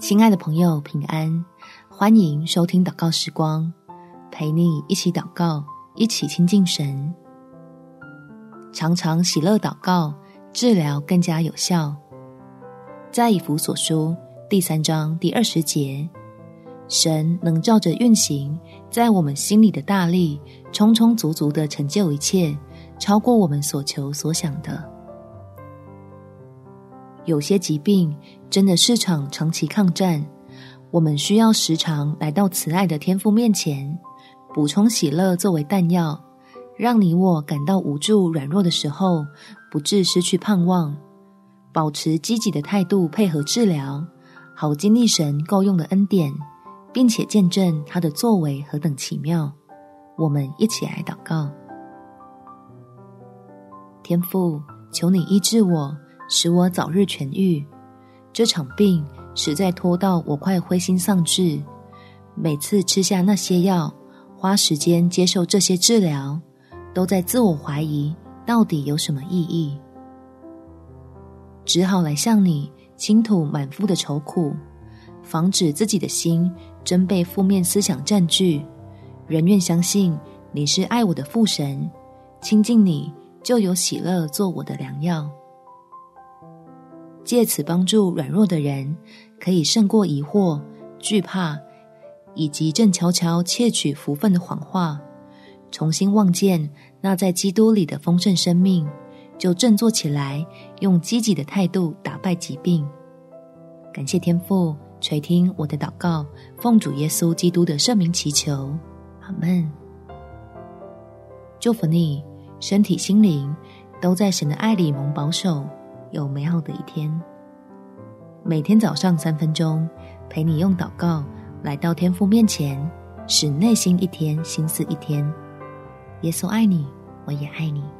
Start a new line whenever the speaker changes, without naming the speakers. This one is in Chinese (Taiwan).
親愛的朋友，平安！歡迎收聽禱告時光，陪你一起禱告，一起親近神。常常喜樂禱告，治療更加有效。在以弗所書第三章第二十節，神能照着運行在我們心裡的大力，充充足足地成就一切，超過我們所求所想的。有些疾病真的是場長期抗戰，我們需要時常來到慈愛的天父面前，補充喜樂作為彈藥，讓你我感到無助、軟弱的時候，不致失去盼望，保持積極的態度，配合治療，好經歷神夠用的恩典，並且見證他的作為何等奇妙。我們一起來禱告，天父，求你醫治我。使我早日痊癒。這場病實在拖到我快灰心喪志。每次吃下那些藥，花時間接受這些治療，都在自我懷疑，到底有什麼意義？只好來向你傾吐滿腹的愁苦，防止自己的心真被負面思想佔據。仍願相信你是愛我的父神，親近你就有喜樂，做我的良藥。借此幫助軟弱的人，可以勝過疑惑、懼怕，以及正悄悄竊取福分的謊話，重新望見那在基督裡的豐盛生命，就振作起來，用積極的態度打敗疾病。感謝天父垂聽我的禱告，奉主耶穌基督的聖名祈求，阿門。祝福你，身體、心靈都在神的愛裡蒙保守。有美好的一天。每天早上三分鐘，陪你用禱告來到天父面前，使內心一天心思一天。耶穌愛你，我也愛你。